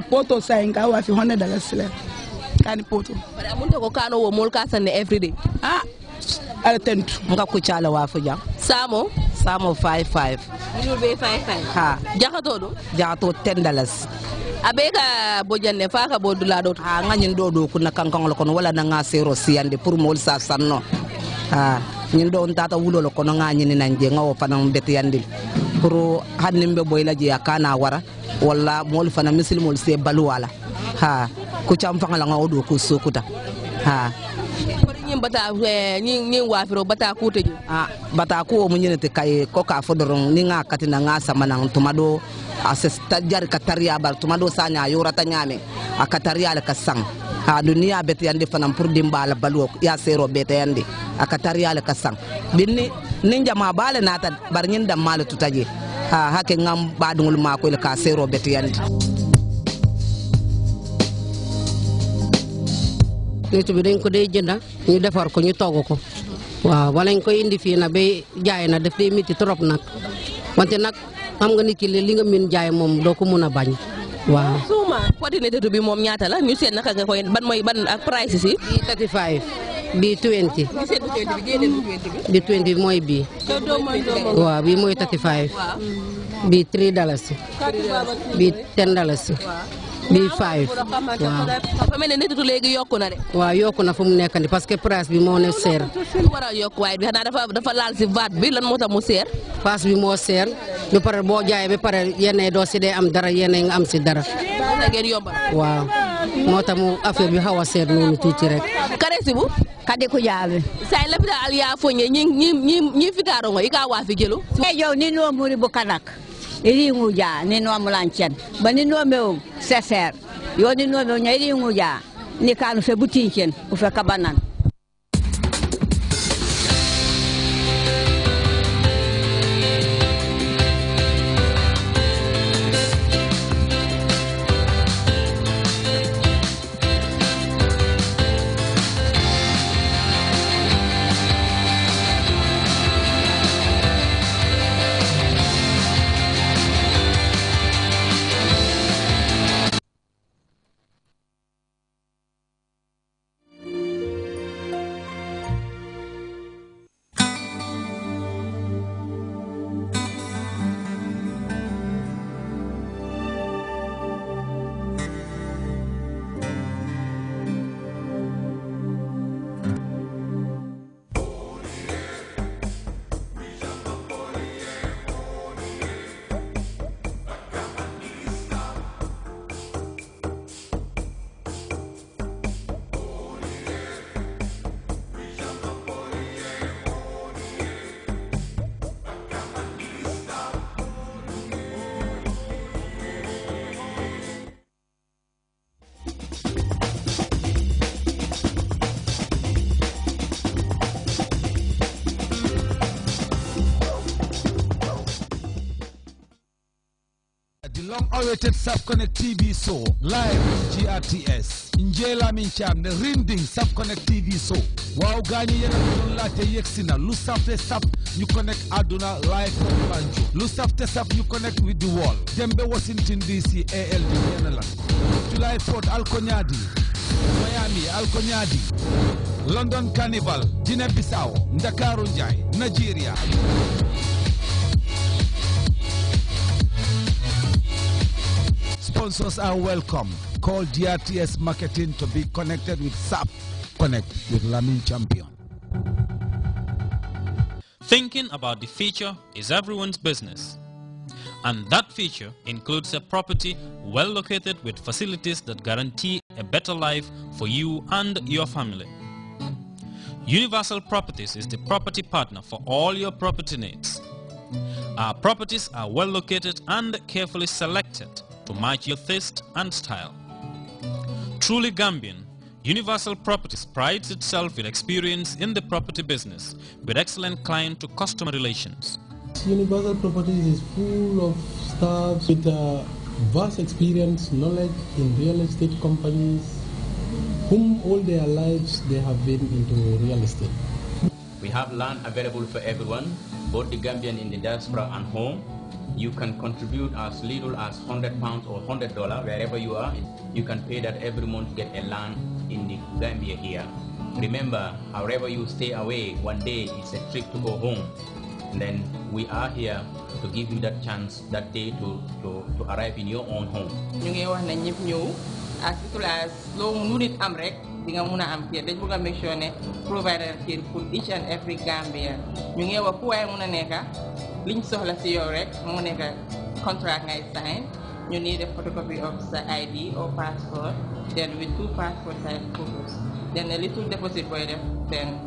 poto sa nka wa fi hundred dollars la kani poto bara mun ko kano wo mol ka sanne every day ah ala tentu muka ko chala wa fu jam samo samo 55 mulu be 55 ha jahato do jahato 10 dollars abe ka bojanne fa ka bodula do ha ngani do do kunna kankan lo kono wala na nga sero siande pour mol sa sanno ha ñin do on tata wulo lo kono nga ñini nanje ngawo fanan betiyandil pour hannim be boy la je kana wara walla moolu fana misilimolu see baluwa la ha kucam faŋa la ŋa wo do ko sokuta ha bata eh, ñiŋ waafiro ah, bata ku te je a bata kuwo mu ñene ti kayi ko ka fo doroŋ niŋ ŋa katina ŋa samanaŋ tuma do a jari ka tariya bari tuma do saani a yorata ñaame a ka tariya le ka saŋ ha du niŋ ye a beteyandi fanaŋ pour dimbaa la baluwo ye a seero beteyandi a ka tariya le ka saŋ ni niŋ jama baa le naata bari ñiŋ danmaa le tuta je hake ngam ɓaɗugol mako ele ka seroɓe to yande nit bi dañ ko dee jënda ñu defar ko ñu togg ko waaw walañ koy indi fii na ba jaay na daf dee miti trop nag wante nag xam nga nit ki li nga min jaay moom doo ko mun a bañ waaw. suuma bi moom ñaata la ñu seet naka nga koy ban mooy ban ak price si. 35 bii twenty bi twenty mooy bii waaw bii mooy thirty five bii three dalasi bii ten dalasi bii five waaw dafa mel ne netatu léegi yokku na de waaw yokku na fu mu nekk nii parce que price bi moo ne seer war a yokk waaye bi xanaa dafa dafa laal si vaat bi lan moo tax mu seer paas bi moo seer ba pare boo jaayee ba pare yenn doo si dee am dara yenn nga am si dara waaw moo tax mu affaire bi xaw a seet noonu tuuti rek karesi bu kadi ko jaabe say lafita aliya foñe ñi ka waafi jelu e jow ni noo muri bu kanak iri nguja ba seseer yo ni noo mew ña iri nguja ni kaanu kabanan the long-awaited Subconnect TV show live on GRTS. Njela Mincham, the Rinding Subconnect TV show. Wow, Gani yena kulun late yeksina. Lu safte sap, you connect Aduna live from Banjo. Lu safte sap, you connect with the wall. Dembe Washington DC, ALD, Yenalan. July 4 London Carnival, Guinea-Bissau, Ndakaru Njai, Nigeria. sponsors are welcome. Call DRTS Marketing to be connected with SAP Connect with Lamin Champion. Thinking about the future is everyone's business. And that future includes a property well located with facilities that guarantee a better life for you and your family. Universal Properties is the property partner for all your property needs. Our properties are well located and carefully selected to match your taste and style. Truly Gambian, Universal Properties prides itself with experience in the property business with excellent client-to-customer relations. Universal Properties is full of staff with vast experience, knowledge in real estate companies, whom all their lives they have been into real estate. We have land available for everyone, both the Gambian in the diaspora and home you can contribute as little as 100 pounds or 100 dollar wherever you are you can pay that every month to get a land in the Zambia here remember however you stay away one day it's a trip to go home and then we are here to give you that chance that day to to, to arrive in your own home di am dañ bëgg provider pour each and every ñu ngi wax nekk liñ soxla yow rek nekk contract ngay sign you need a photocopy of ID or passport, then with two passport size photos, then a little deposit then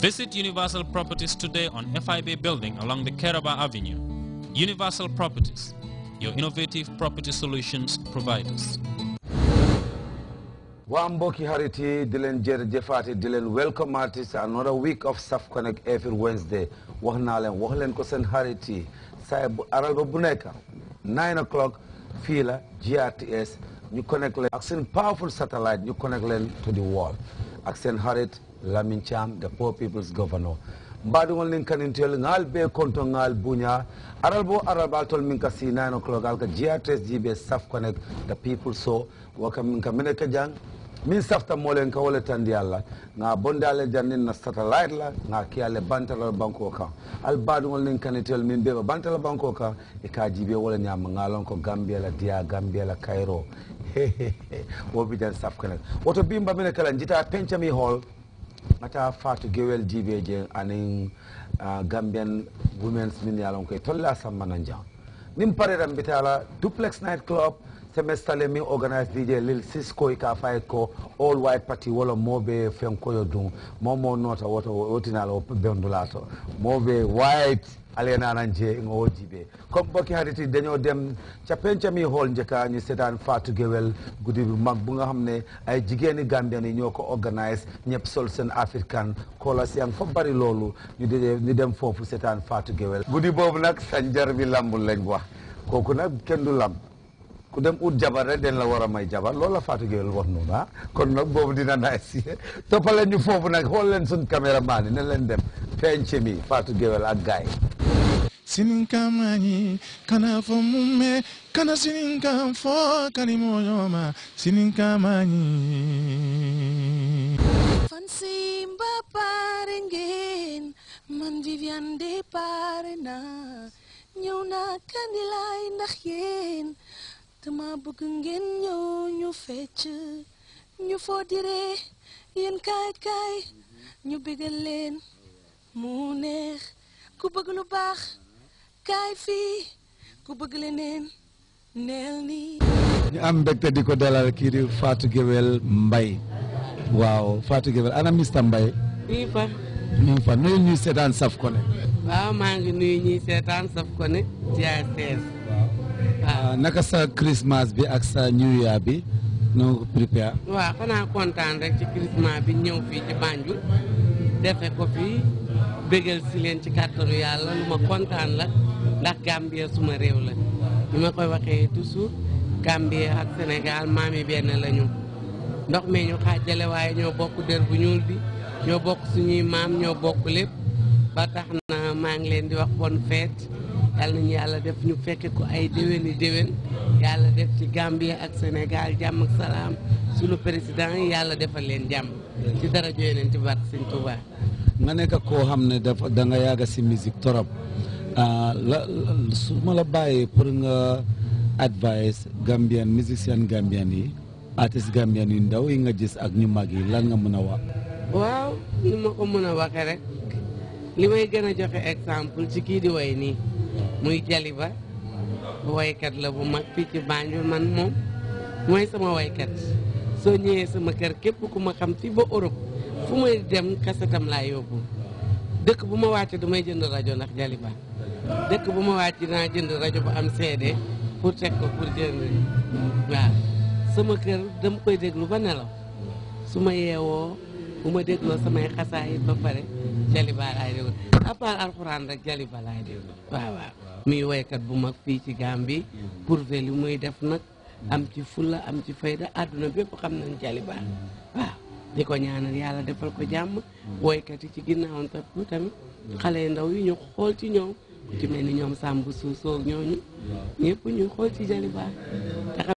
Visit Universal Properties today on FIB building along the Keraba Avenue. Universal Properties, your innovative property solutions providers waa mbokki xarit yi di leen welcome artists. another week of Saf Connect every Wednesday wax naa leen wax leen ko seen nine o'clock Fila, JRTS. GRTS connect leen ak powerful satellite You connect leen to the world ak seen xarit Lamin Cham the poor people's governor mbaɗugol nin kanintel ngal ɓe konto ngal buña aral bo tol 9 o'clock alka jiatres jiɓe saf connect the people so welcome min ka jang min safta molen ka wole tan diyalla nga bondale jannin na satellite la nga kiyale bantala banko kan albadugol nin kanitel min beba bantala banko ka e ka jibe wole ñama ngalon ko gambia la diya gambia la kayro wo bijan safkane woto bimba mine kala jita pencami hol ngata fatu gewel jibe je anin uh, gambian women's min yalon koye tolla sammana jan nin parera bitala duplex night club semestale mi organise dj lil sisko ka faye ko all white party wala moɓe fenkoyo dum momo nota woto wotinala o bendula to moɓe white alenanan je en oji ɓe comme boki haaditi daño dem capen cami hol jeka ñi setan fatou guewel gudiɓe mag bu nga xam ne ay jigéeni gambiani ñoo ko organise ñëpp sol sen africaine kola siang fo bari loolu ñu de ñu dem foofu setan fatou guewel guddi boobu nag sanjar bi lambul lañ wax kooku nag kenn du lamb ku dem ut jabar rek den la war a may jabar loolu la Fatou Gueye wax noonu ah kon nag boobu dina naaj si toppale ñu foofu nag xool leen suñ caméraman yi ne leen dem penc mi Fatou Gueye ak gaay sininkamani kana fo mume kana sininkam fo kalimoyoma sininkamani fansimba parengen man vivian de parena ñëw naa kandilay ndax yéen dama bëgg ngeen ñëw ñu fecc ñu foo diree yéen ñu bégal leen mu neex ku bëgg lu baax kaay fii ku bëgg leneen neel nii ñu am mbégte di ko dalal kii faatu Fatou Guewel waaw faatu Guewel ana mista Mbaye fa ñu ñuy seetaan saf ko ne waaw maa ngi nuyu ñuy seetaan saf ko ne ci ay Ah, ah, naka sa Christmas bi ak sa New Year bi noo ko prépare xanaa kontaan rek ci Christmas bi ñëw fii ci Banjul defe ko fii bégal si leen ci kàttanu yàlla lu ma kontaan la ndax Gambia suma réew la ñu ma koy waxee toujours Gambia ak Sénégal maami benn lañu ndox mi ñu xaajale waaye ñoo bokk dër bu ñuul bi ñoo bokk suñuy maam ñoo bokk lépp ba tax na maa ngi leen di wax bonne fête yal nañu yàlla def ñu fekke ko ay déwéni déwén yàlla def ci Gambie ak Sénégal jam ak salaam sunu président yi yàlla defal leen jàmm ci dara jooy nañ ci barke Sëñ Touba nga nekk koo xam dafa da nga yàgg si musique torop ah, la su ma la bàyyee pour nga advice Gambian musicien Gambian yi artiste Gambian yu ndaw yi nga gis ak ñu mag yi lan nga mën a wax waaw ni ma ko mën rek li may joxe exemple ci kii di way nii muy jaliba woykat la bu mag fii ci Banjul man moom mooy sama woykat soo ñëwee sama kër képp ku ma xam ci ba Europe fu may dem kasetam laa yóbbu dëkk bu ma wàcc damay jënd rajo ndax jaliba dëkk bu ma wàcc naa jënd rajo bu am CD pour teg ko pour jënd waaw sama kër dama koy déglu ba nelaw su ma yeewoo bu ma dégloo samay xasaayit ba pare Jaliba laay déglu à part alxuraan rek Jaliba laay déglu waaw waaw muy woykat bu mag fii ci Gàmbi prouvé li muy def nag am ci fulla am ci fayda àdduna bépp xam nañ Jaliba waaw di ko ñaanal yàlla defal ko jàmm woykat yi ci ginnaawam topp tamit xale yu ndaw yi ñu xool ci ñoom ku ci mel ni ñoom Samb Suusoo ñooñu ñëpp ñu xool ci Jaliba